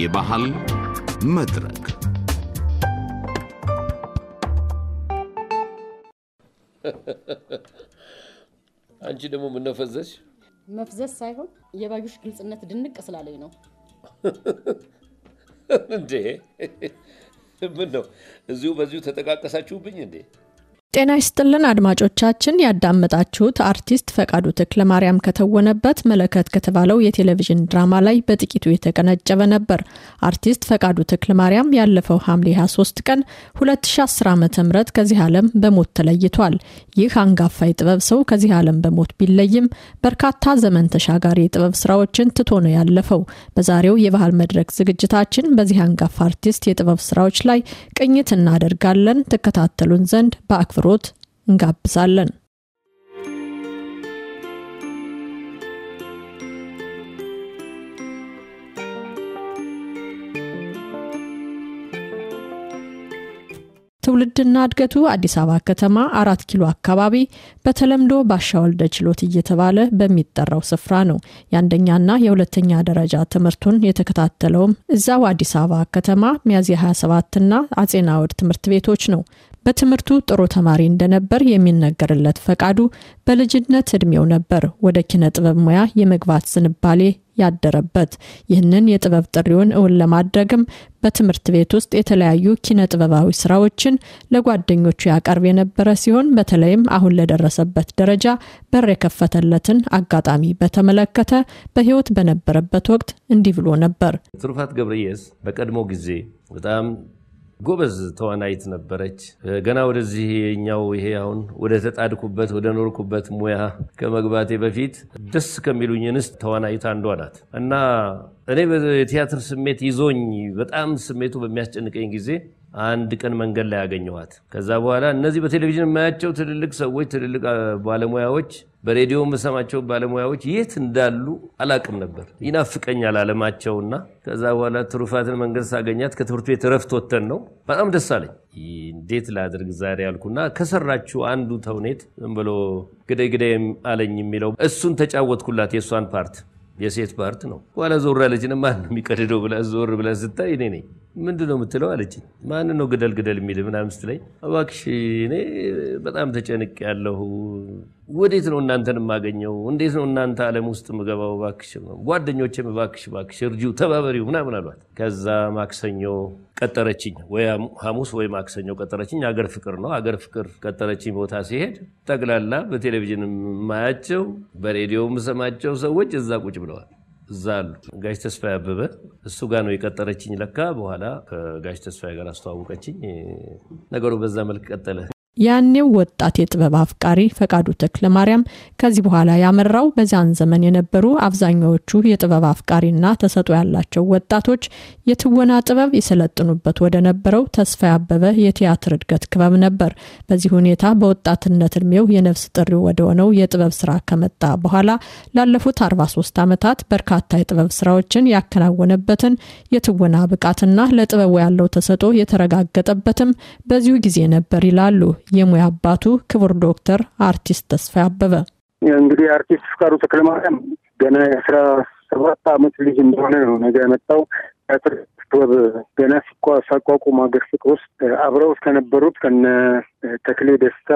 የባህል መድረክ አንቺ ደግሞ ምነፈዘሽ? መፍዘዝ ሳይሆን የባዩሽ ግልጽነት ድንቅ ስላለኝ ነው። እንዴ ምን ነው እዚሁ በዚሁ ተጠቃቀሳችሁብኝ እንዴ? ጤና ይስጥልን አድማጮቻችን፣ ያዳመጣችሁት አርቲስት ፈቃዱ ተክለ ማርያም ከተወነበት መለከት ከተባለው የቴሌቪዥን ድራማ ላይ በጥቂቱ የተቀነጨበ ነበር። አርቲስት ፈቃዱ ትክለ ማርያም ያለፈው ሐምሌ 23 ቀን 2010 ዓ ም ከዚህ ዓለም በሞት ተለይቷል። ይህ አንጋፋ የጥበብ ሰው ከዚህ ዓለም በሞት ቢለይም በርካታ ዘመን ተሻጋሪ የጥበብ ስራዎችን ትቶ ነው ያለፈው። በዛሬው የባህል መድረክ ዝግጅታችን በዚህ አንጋፋ አርቲስት የጥበብ ስራዎች ላይ ቅኝት እናደርጋለን። ተከታተሉን ዘንድ በአክብሮ አክብሮት እንጋብዛለን። ትውልድና እድገቱ አዲስ አበባ ከተማ አራት ኪሎ አካባቢ በተለምዶ ባሻ ወልደ ችሎት እየተባለ በሚጠራው ስፍራ ነው። የአንደኛና የሁለተኛ ደረጃ ትምህርቱን የተከታተለውም እዛው አዲስ አበባ ከተማ ሚያዝያ 27ና አጼ ትምህርት ቤቶች ነው። በትምህርቱ ጥሩ ተማሪ እንደነበር የሚነገርለት ፈቃዱ በልጅነት እድሜው ነበር ወደ ኪነ ጥበብ ሙያ የመግባት ዝንባሌ ያደረበት። ይህንን የጥበብ ጥሪውን እውን ለማድረግም በትምህርት ቤት ውስጥ የተለያዩ ኪነ ጥበባዊ ስራዎችን ለጓደኞቹ ያቀርብ የነበረ ሲሆን በተለይም አሁን ለደረሰበት ደረጃ በር የከፈተለትን አጋጣሚ በተመለከተ በህይወት በነበረበት ወቅት እንዲህ ብሎ ነበር። ትሩፋት ገብረየስ በቀድሞ ጊዜ በጣም ጎበዝ ተዋናይት ነበረች። ገና ወደዚህ የኛው ይሄ አሁን ወደ ተጣድኩበት ወደ ኖርኩበት ሙያ ከመግባቴ በፊት ደስ ከሚሉኝ እንስት ተዋናይት አንዷ ናት እና እኔ የቲያትር ስሜት ይዞኝ በጣም ስሜቱ በሚያስጨንቀኝ ጊዜ አንድ ቀን መንገድ ላይ ያገኘኋት። ከዛ በኋላ እነዚህ በቴሌቪዥን የማያቸው ትልልቅ ሰዎች፣ ትልልቅ ባለሙያዎች፣ በሬዲዮ የምሰማቸው ባለሙያዎች የት እንዳሉ አላቅም ነበር። ይናፍቀኛል እና ከዛ በኋላ ትሩፋትን መንገድ ሳገኛት ከትምህርት ቤት እረፍት ወተን ነው በጣም ደስ አለኝ። እንዴት ላድርግ ዛሬ አልኩና ከሰራችሁ አንዱ ተውኔት ዝም ብሎ ግደግደ አለኝ የሚለው እሱን ተጫወትኩላት የእሷን ፓርት የሴት ፓርት ነው። ኋላ ዞር አለችን። ማን የሚቀድደው ብላ ዞር ብላ ስታይ እኔ ነኝ። ምንድን ነው የምትለው አለች። ማን ነው ግደል ግደል የሚል ምናምን ስትለኝ፣ እባክሽ እኔ በጣም ተጨንቅ ያለሁ ወዴት ነው እናንተን የማገኘው? እንዴት ነው እናንተ ዓለም ውስጥ የምገባው? እባክሽ ጓደኞቼም እባክሽ እባክሽ እርጁ ተባበሪው ምናምን አሏት። ከዛ ማክሰኞ ቀጠረችኝ፣ ወይ ሐሙስ ወይ ማክሰኞ ቀጠረችኝ። አገር ፍቅር ነው አገር ፍቅር ቀጠረችኝ። ቦታ ሲሄድ ጠቅላላ በቴሌቪዥን የማያቸው በሬዲዮ የምሰማቸው ሰዎች እዛ ቁጭ ብለዋል። እዛ አሉ። ጋሽ ተስፋ ያበበ እሱ ጋር ነው የቀጠረችኝ። ለካ በኋላ ከጋሽ ተስፋ ጋር አስተዋወቀችኝ። ነገሩ በዛ መልክ ቀጠለ። ያኔው ወጣት የጥበብ አፍቃሪ ፈቃዱ ተክለ ማርያም ከዚህ በኋላ ያመራው በዚያን ዘመን የነበሩ አብዛኛዎቹ የጥበብ አፍቃሪና ተሰጦ ያላቸው ወጣቶች የትወና ጥበብ የሰለጥኑበት ወደ ነበረው ተስፋ ያበበ የቲያትር እድገት ክበብ ነበር። በዚህ ሁኔታ በወጣትነት እድሜው የነፍስ ጥሪው ወደሆነው የጥበብ ስራ ከመጣ በኋላ ላለፉት 43 ዓመታት በርካታ የጥበብ ስራዎችን ያከናወነበትን የትወና ብቃትና ለጥበቡ ያለው ተሰጦ የተረጋገጠበትም በዚሁ ጊዜ ነበር ይላሉ። የሙያ አባቱ ክቡር ዶክተር አርቲስት ተስፋ አበበ እንግዲህ አርቲስት ፍቃዱ ተክለማርያም ገና የአስራ ሰባት አመት ልጅ እንደሆነ ነው ነገ የመጣው ሶፍትዌር ገና ሲቋቋም ሀገር ፍቅር ውስጥ አብረው ከነበሩት ከነ ተክሌ ደስታ፣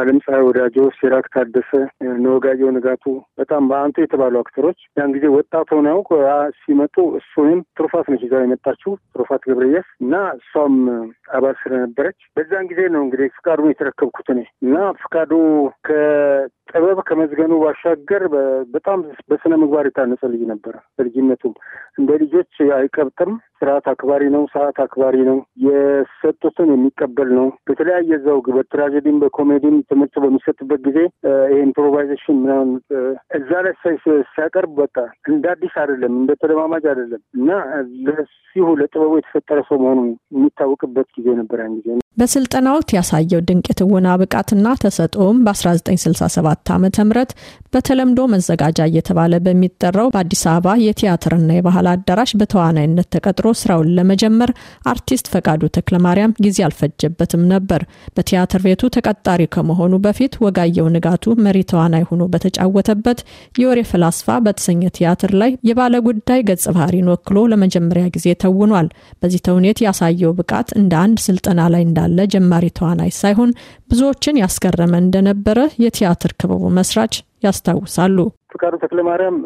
አለም ፀሐይ ወዳጆ፣ ሲራክ ታደሰ፣ ነወጋየው ንጋቱ በጣም በአንቱ የተባሉ አክተሮች ያን ጊዜ ወጣት ሆነው ሲመጡ ወይም ትሩፋት ነች ይዛ የመጣችው ትሩፋት ገብረየስ እና እሷም አባል ስለነበረች በዛን ጊዜ ነው እንግዲህ ፍቃዱን የተረከብኩት እኔ እና ፍቃዱ ከ ከመዝገኑ ባሻገር በጣም በስነ ምግባር የታነጸ ልጅ ነበረ። በልጅነቱም እንደ ልጆች አይቀብጥም። ስርዓት አክባሪ ነው። ሰዓት አክባሪ ነው። የሰጡትን የሚቀበል ነው። በተለያየ ዘውግ በትራጀዲም በኮሜዲም ትምህርት በሚሰጥበት ጊዜ ይሄ ኢምፕሮቫይዜሽን ምናምን እዛ ላይ ሲያቀርብ በቃ እንደ አዲስ አይደለም፣ እንደ ተለማማጅ አይደለም እና ለሲሁ ለጥበቡ የተፈጠረ ሰው መሆኑን የሚታወቅበት ጊዜ ነበር ያን ጊዜ በስልጠና ወቅት ያሳየው ድንቅ የትወና ብቃትና ተሰጥኦም በ1967 ዓ ም በተለምዶ መዘጋጃ እየተባለ በሚጠራው በአዲስ አበባ የቲያትርና የባህል አዳራሽ በተዋናይነት ተቀጥሮ ስራውን ለመጀመር አርቲስት ፈቃዱ ማርያም ጊዜ አልፈጀበትም ነበር። በቲያትር ቤቱ ተቀጣሪ ከመሆኑ በፊት ወጋየው ንጋቱ መሪ ተዋናይ ሆኖ በተጫወተበት የወሬ ፍላስፋ በተሰኘ ቲያትር ላይ የባለ ጉዳይ ገጸ ባህሪን ወክሎ ለመጀመሪያ ጊዜ ተውኗል። በዚህ ተውኔት ያሳየው ብቃት እንደ አንድ ስልጠና ላይ እንዳ ያለ ጀማሪ ተዋናይ ሳይሆን ብዙዎችን ያስገረመ እንደነበረ የቲያትር ክበቡ መስራች ያስታውሳሉ። ፍቃዱ ተክለማርያም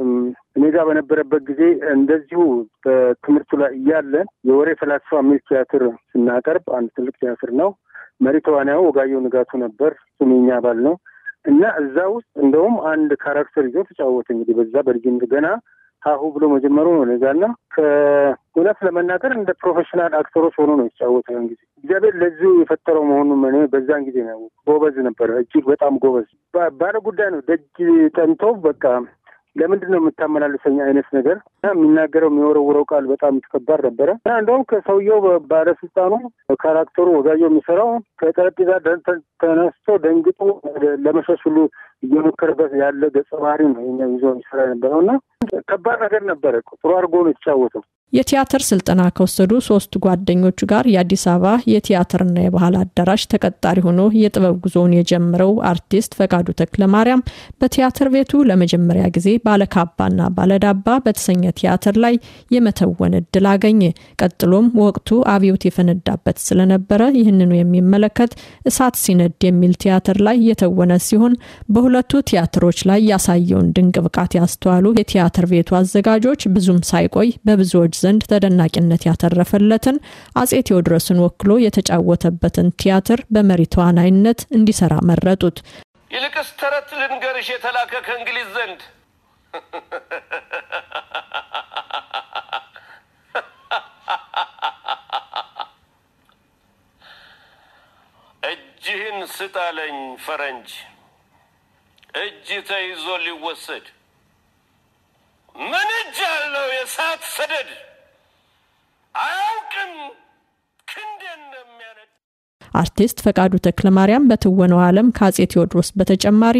እኔ ጋር በነበረበት ጊዜ እንደዚሁ በትምህርቱ ላይ እያለን የወሬ ፈላስፋ የሚል ቲያትር ስናቀርብ አንድ ትልቅ ቲያትር ነው። መሪ ተዋናዩ ወጋየሁ ንጋቱ ነበር። እሱም የእኛ አባል ነው እና እዛ ውስጥ እንደውም አንድ ካራክተር ይዞ ተጫወተ። እንግዲህ በዛ በልጅነት ገና ሀሁ ብሎ መጀመሩ ነው እኔ ና እና ከእውነት ለመናገር እንደ ፕሮፌሽናል አክተሮች ሆኖ ነው የተጫወተው። ጊዜ እግዚአብሔር ለዚሁ የፈጠረው መሆኑም እኔ በዛን ጊዜ ነው ጎበዝ ነበረ፣ እጅግ በጣም ጎበዝ ባለ ጉዳይ ነው። ደጅ ጠንቶ በቃ ለምንድን ነው የምታመላልሰኝ አይነት ነገር እና የሚናገረው የሚወረውረው ቃል በጣም ከባድ ነበረ እና እንደውም ከሰውየው ባለስልጣኑ ካራክተሩ ወጋየው የሚሰራው ከጠረጴዛ ተነስቶ ደንግጦ ለመሸሽ ሁሉ እየሞከረበት ያለ ገጸ ባህሪ ነው ይዞ የሚሰራ የነበረው እና ከባድ ነገር ነበረ። ጥሩ አድርጎ ነው የተጫወተው። የቲያትር ስልጠና ከወሰዱ ሶስት ጓደኞቹ ጋር የአዲስ አበባ የቲያትርና የባህል አዳራሽ ተቀጣሪ ሆኖ የጥበብ ጉዞውን የጀመረው አርቲስት ፈቃዱ ተክለ ማርያም በቲያትር ቤቱ ለመጀመሪያ ጊዜ ባለካባና ባለዳባ በተሰኘ ቲያትር ላይ የመተወን እድል አገኘ። ቀጥሎም ወቅቱ አብዮት የፈነዳበት ስለነበረ ይህንኑ የሚመለከት እሳት ሲነድ የሚል ቲያትር ላይ የተወነ ሲሆን በሁለቱ ቲያትሮች ላይ ያሳየውን ድንቅ ብቃት ያስተዋሉ የቲያትር ቤቱ አዘጋጆች ብዙም ሳይቆይ በብዙዎች ዘንድ ተደናቂነት ያተረፈለትን አጼ ቴዎድሮስን ወክሎ የተጫወተበትን ቲያትር በመሪ ተዋናይነት እንዲሰራ መረጡት። ይልቅስ ተረት ልንገርሽ የተላከ ከእንግሊዝ ዘንድ እጅህን ስጣለኝ ፈረንጅ እጅ ተይዞ ሊወሰድ ምንጅ ያለው የእሳት ሰደድ አያውቅም ክንዴን ነው አርቲስት ፈቃዱ ተክለማርያም በትወነው ዓለም ከአጼ ቴዎድሮስ በተጨማሪ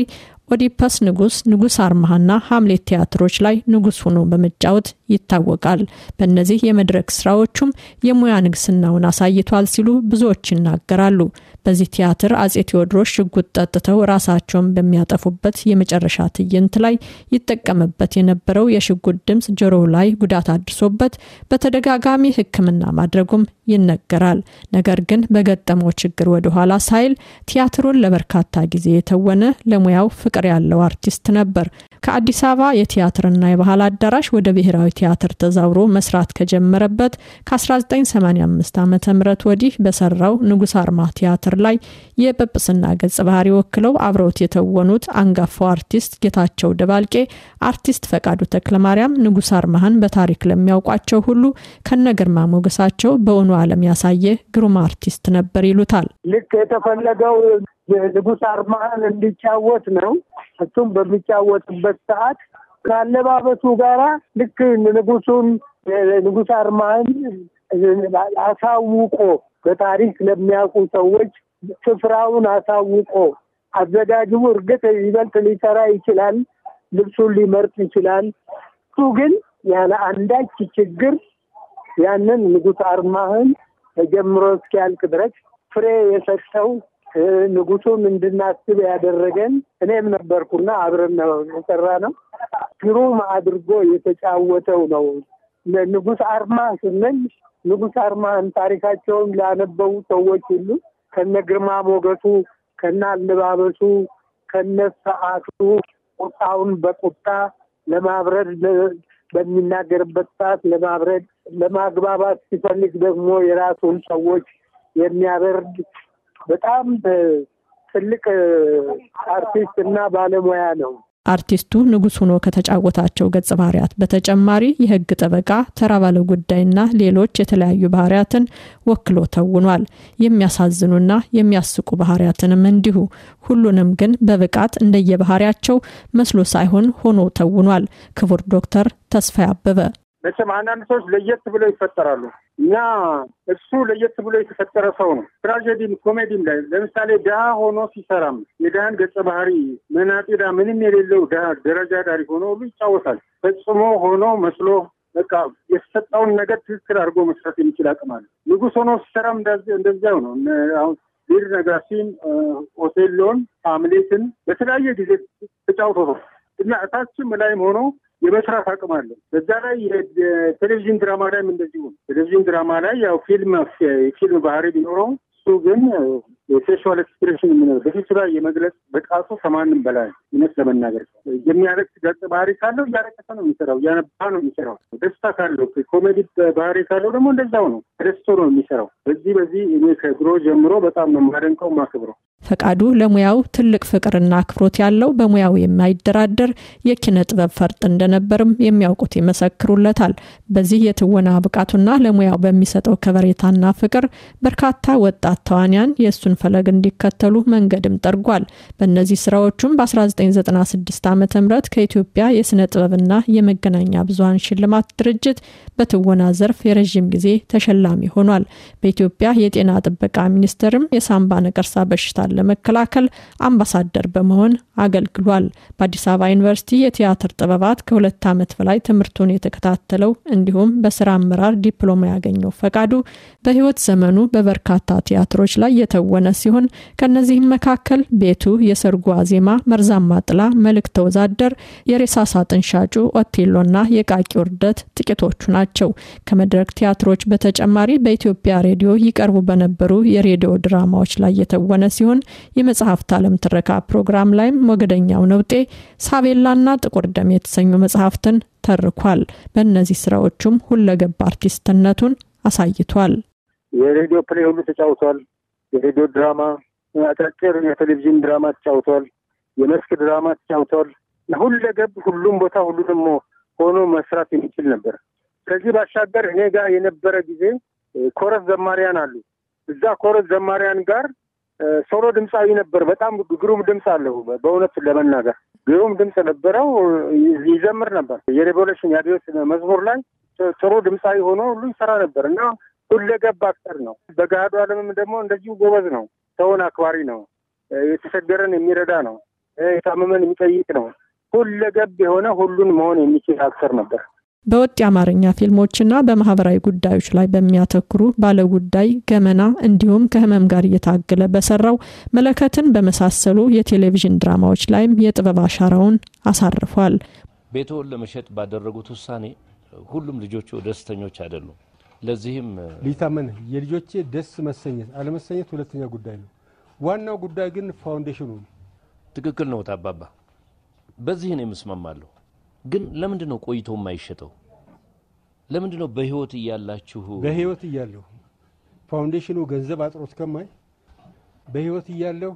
ኦዲፐስ ንጉስ፣ ንጉስ አርማሃና ሀምሌት ቲያትሮች ላይ ንጉስ ሆኖ በመጫወት ይታወቃል። በእነዚህ የመድረክ ስራዎቹም የሙያ ንግስናውን አሳይቷል ሲሉ ብዙዎች ይናገራሉ። በዚህ ቲያትር አጼ ቴዎድሮስ ሽጉጥ ጠጥተው ራሳቸውን በሚያጠፉበት የመጨረሻ ትዕይንት ላይ ይጠቀምበት የነበረው የሽጉጥ ድምፅ ጆሮ ላይ ጉዳት አድርሶበት በተደጋጋሚ ሕክምና ማድረጉም ይነገራል። ነገር ግን በገጠመው ችግር ወደኋላ ሳይል ቲያትሩን ለበርካታ ጊዜ የተወነ ለሙያው ፍቅ ፍቅር ያለው አርቲስት ነበር። ከአዲስ አበባ የቲያትርና የባህል አዳራሽ ወደ ብሔራዊ ቲያትር ተዛውሮ መስራት ከጀመረበት ከ1985 ዓ ም ወዲህ በሰራው ንጉሥ አርማ ቲያትር ላይ የጵጵስና ገጽ ባህሪ ወክለው አብረውት የተወኑት አንጋፋው አርቲስት ጌታቸው ደባልቄ አርቲስት ፈቃዱ ተክለማርያም ንጉሥ አርማህን በታሪክ ለሚያውቋቸው ሁሉ ከነግርማ ሞገሳቸው በእውኑ ዓለም ያሳየ ግሩም አርቲስት ነበር ይሉታል። ልክ የተፈለገው ንጉስ አርማህን እንዲጫወት ነው። እሱም በሚጫወትበት ሰዓት ከአለባበሱ ጋራ ልክ ንጉሱን ንጉስ አርማህን አሳውቆ በታሪክ ለሚያውቁ ሰዎች ስፍራውን አሳውቆ አዘጋጁ እርግጥ ይበልጥ ሊሰራ ይችላል፣ ልብሱን ሊመርጥ ይችላል። እሱ ግን ያለ አንዳች ችግር ያንን ንጉስ አርማህን ተጀምሮ እስኪያልቅ ድረስ ፍሬ የሰጠው ንጉሱ እንድናስብ ያደረገን እኔም ነበርኩና አብረን ነው የሰራ ነው። ግሩም አድርጎ የተጫወተው ነው። ንጉስ አርማ ስንል ንጉስ አርማን ታሪካቸውን ላነበቡ ሰዎች ሁሉ ከነ ግርማ ሞገሱ፣ ከነ አለባበሱ፣ ከነ ሰዓቱ ቁጣውን በቁጣ ለማብረድ በሚናገርበት ሰዓት ለማብረድ ለማግባባት ሲፈልግ ደግሞ የራሱን ሰዎች የሚያበርድ በጣም ትልቅ አርቲስት እና ባለሙያ ነው። አርቲስቱ ንጉስ ሆኖ ከተጫወታቸው ገጸ ባህሪያት በተጨማሪ የህግ ጠበቃ፣ ተራ ባለ ጉዳይና ሌሎች የተለያዩ ባህሪያትን ወክሎ ተውኗል። የሚያሳዝኑና የሚያስቁ ባህሪያትንም እንዲሁ። ሁሉንም ግን በብቃት እንደየባህሪያቸው መስሎ ሳይሆን ሆኖ ተውኗል። ክቡር ዶክተር ተስፋዬ አበበ መቼም አንዳንድ ሰዎች ለየት ብለው ይፈጠራሉ እና እሱ ለየት ብሎ የተፈጠረ ሰው ነው። ትራጀዲም ኮሜዲም ላይ ለምሳሌ ድሃ ሆኖ ሲሰራም የድሃን ገጸ ባህሪ መናጤዳ ምንም የሌለው ድሃ ደረጃ ዳሪ ሆኖ ሁሉ ይጫወታል። ፈጽሞ ሆኖ መስሎ በቃ የተሰጠውን ነገር ትክክል አድርጎ መስራት የሚችል አቅም አለ። ንጉስ ሆኖ ሲሰራም እንደዚያው ነው። አሁን ቢር ነጋሲን፣ ኦቴሎን፣ ሀምሌትን በተለያየ ጊዜ ተጫውቶ እና እታችም ላይም ሆኖ የመስራት አቅም አለን። በዛ ላይ የቴሌቪዥን ድራማ ላይም እንደዚሁ ቴሌቪዥን ድራማ ላይ ያው ፊልም የፊልም ባህሪ ቢኖረው እሱ ግን የሴክሹዋል ኤክስፕሬሽን የምንለው በፊቱ ላይ የመግለጽ ብቃቱ ከማንም በላይ እውነት ለመናገር የሚያለቅስ ገጽ ባህሪ ካለው እያለቀሰ ነው የሚሰራው፣ እያነባ ነው የሚሰራው። ደስታ ካለው ኮሜዲ ባህሪ ካለው ደግሞ እንደዛው ነው፣ ደስቶ ነው የሚሰራው። በዚህ በዚህ እኔ ከድሮ ጀምሮ በጣም ነው የማደንቀው ማክብረው። ፈቃዱ ለሙያው ትልቅ ፍቅርና አክብሮት ያለው በሙያው የማይደራደር የኪነ ጥበብ ፈርጥ እንደነበርም የሚያውቁት ይመሰክሩለታል። በዚህ የትወና ብቃቱና ለሙያው በሚሰጠው ከበሬታና ፍቅር በርካታ ወጣት ተዋንያን የእሱን ፈለግ እንዲከተሉ መንገድም ጠርጓል። በእነዚህ ስራዎቹም በ1996 ዓ ም ከኢትዮጵያ የሥነ ጥበብና የመገናኛ ብዙሀን ሽልማት ድርጅት በትወና ዘርፍ የረዥም ጊዜ ተሸላሚ ሆኗል። በኢትዮጵያ የጤና ጥበቃ ሚኒስቴርም የሳምባ ነቀርሳ በሽታ በሽታን ለመከላከል አምባሳደር በመሆን አገልግሏል። በአዲስ አበባ ዩኒቨርሲቲ የቲያትር ጥበባት ከሁለት ዓመት በላይ ትምህርቱን የተከታተለው እንዲሁም በስራ አመራር ዲፕሎማ ያገኘው ፈቃዱ በህይወት ዘመኑ በበርካታ ቲያትሮች ላይ የተወነ ሲሆን ከእነዚህም መካከል ቤቱ፣ የሰርጉ አዜማ፣ መርዛማ ጥላ፣ መልክ ተወዛደር የሬሳ ሳጥን ሻጩ፣ ኦቴሎና የቃቂ ውርደት ጥቂቶቹ ናቸው። ከመድረክ ቲያትሮች በተጨማሪ በኢትዮጵያ ሬዲዮ ይቀርቡ በነበሩ የሬዲዮ ድራማዎች ላይ የተወነ ሲሆን ሲሆን የመጽሐፍት ዓለም ትረካ ፕሮግራም ላይም ሞገደኛው ነውጤ ሳቤላና ጥቁር ደም የተሰኙ መጽሐፍትን ተርኳል። በእነዚህ ስራዎቹም ሁለገብ አርቲስትነቱን አሳይቷል። የሬዲዮ ፕሌ ሁሉ ተጫውቷል። የሬዲዮ ድራማ፣ አጫጭር የቴሌቪዥን ድራማ ተጫውቷል። የመስክ ድራማ ተጫውቷል። ሁለገብ ሁሉም ቦታ ሁሉ ደግሞ ሆኖ መስራት የሚችል ነበር። ከዚህ ባሻገር እኔ ጋር የነበረ ጊዜ ኮረስ ዘማሪያን አሉ። እዛ ኮረስ ዘማሪያን ጋር ሶሎ ድምፃዊ ነበር። በጣም ግሩም ድምፅ አለሁ። በእውነት ለመናገር ግሩም ድምፅ ነበረው። ይዘምር ነበር። የሬቮሉሽን የአብዮት መዝሙር ላይ ጥሩ ድምፃዊ ሆኖ ሁሉ ይሰራ ነበር እና ሁለገብ አክተር ነው። በገሃዱ ዓለምም ደግሞ እንደዚሁ ጎበዝ ነው። ሰውን አክባሪ ነው። የተቸገረን የሚረዳ ነው። የታመመን የሚጠይቅ ነው። ሁለገብ የሆነ ሁሉን መሆን የሚችል አክተር ነበር። በወጥ የአማርኛ ፊልሞችና በማህበራዊ ጉዳዮች ላይ በሚያተኩሩ ባለጉዳይ ገመና እንዲሁም ከህመም ጋር እየታገለ በሰራው መለከትን በመሳሰሉ የቴሌቪዥን ድራማዎች ላይም የጥበብ አሻራውን አሳርፏል። ቤትዎን ለመሸጥ ባደረጉት ውሳኔ ሁሉም ልጆች ደስተኞች አይደሉም። ለዚህም ሊታመን የልጆቼ ደስ መሰኘት አለመሰኘት ሁለተኛ ጉዳይ ነው። ዋናው ጉዳይ ግን ፋውንዴሽኑ ትክክል ነው። ታባባ በዚህ ነው የምስማማለሁ። ግን ለምንድን ነው ቆይቶ የማይሸጠው? ለምንድን ነው በህይወት እያላችሁ በህይወት እያለሁ ፋውንዴሽኑ ገንዘብ አጥሮት ከማይ በህይወት እያለሁ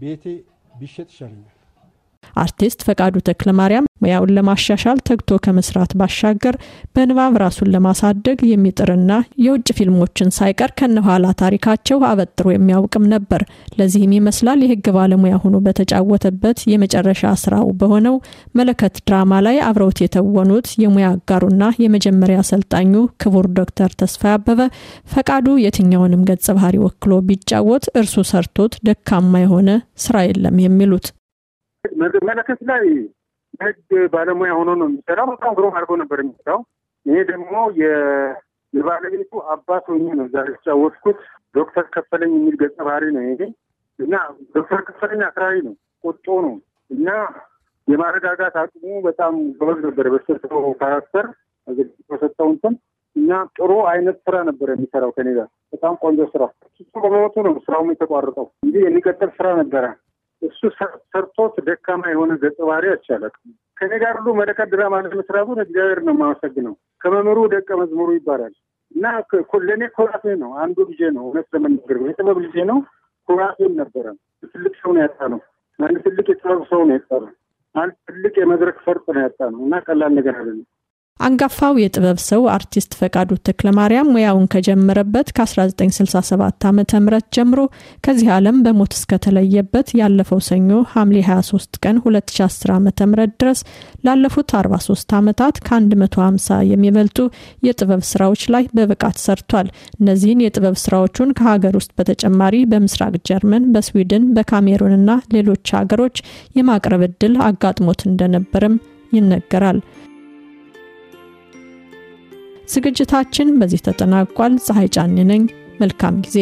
ቤቴ ቢሸጥ ይሻለኛል። አርቲስት ፈቃዱ ተክለማርያም ሙያውን ለማሻሻል ተግቶ ከመስራት ባሻገር በንባብ ራሱን ለማሳደግ የሚጥርና የውጭ ፊልሞችን ሳይቀር ከነኋላ ታሪካቸው አበጥሮ የሚያውቅም ነበር። ለዚህም ይመስላል የህግ ባለሙያ ሆኖ በተጫወተበት የመጨረሻ ስራው በሆነው መለከት ድራማ ላይ አብረውት የተወኑት የሙያ አጋሩና የመጀመሪያ አሰልጣኙ ክቡር ዶክተር ተስፋ አበበ ፈቃዱ የትኛውንም ገጸ ባህሪ ወክሎ ቢጫወት እርሱ ሰርቶት ደካማ የሆነ ስራ የለም የሚሉት መለከት ላይ በህግ ባለሙያ ሆኖ ነው የሚሰራ። በጣም ግሩም አድርገው ነበር የሚሰራው። ይሄ ደግሞ የባለቤቱ አባት ሆኜ ነው ዛሬ የተጫወትኩት። ዶክተር ከፈለኝ የሚል ገጸ ባህሪ ነው ይሄ እና ዶክተር ከፈለኝ አክራሪ ነው፣ ቆጦ ነው እና የማረጋጋት አቅሙ በጣም ጎበዝ ነበር። በሰቶ ካራክተር ሰጠው እንትን እና ጥሩ አይነት ስራ ነበር የሚሰራው ከኔ ጋር በጣም ቆንጆ ስራ። እሱ በመሞቱ ነው ስራውም የተቋረጠው እንጂ የሚቀጥል ስራ ነበረ። እሱ ሰርቶት ደካማ የሆነ ገጸ ባህሪዎች አለት ከኔ ጋር ሁሉ መለቀት ድራማ ለመስራቱን እግዚአብሔር ነው የማመሰግነው። ከመምህሩ ደቀ መዝሙሩ ይባላል እና ለእኔ ኩራቴ ነው። አንዱ ልጄ ነው። እውነት ለመናገር የጥበብ ልጄ ነው። ኩራቴም ነበረ። ትልቅ ሰው ነው ያጣ ነው። አንድ ትልቅ የጥበብ ሰው ነው ያጣ ነው። አንድ ትልቅ የመድረክ ፈርጥ ነው ያጣ ነው እና ቀላል ነገር አይደለም። አንጋፋው የጥበብ ሰው አርቲስት ፈቃዱ ማርያም ሙያውን ከጀመረበት ከ1967 ዓ ም ጀምሮ ከዚህ ዓለም በሞት እስከተለየበት ያለፈው ሰኞ ሐምሌ 23 ቀን 2010 ዓ ም ድረስ ላለፉት 43 ዓመታት ከ150 የሚበልጡ የጥበብ ስራዎች ላይ በብቃት ሰርቷል። እነዚህን የጥበብ ስራዎቹን ከሀገር ውስጥ በተጨማሪ በምስራቅ ጀርመን፣ በስዊድን፣ እና ሌሎች ሀገሮች የማቅረብ ዕድል አጋጥሞት እንደነበርም ይነገራል። ዝግጅታችን በዚህ ተጠናቋል። ፀሐይ ጫን ነኝ። መልካም ጊዜ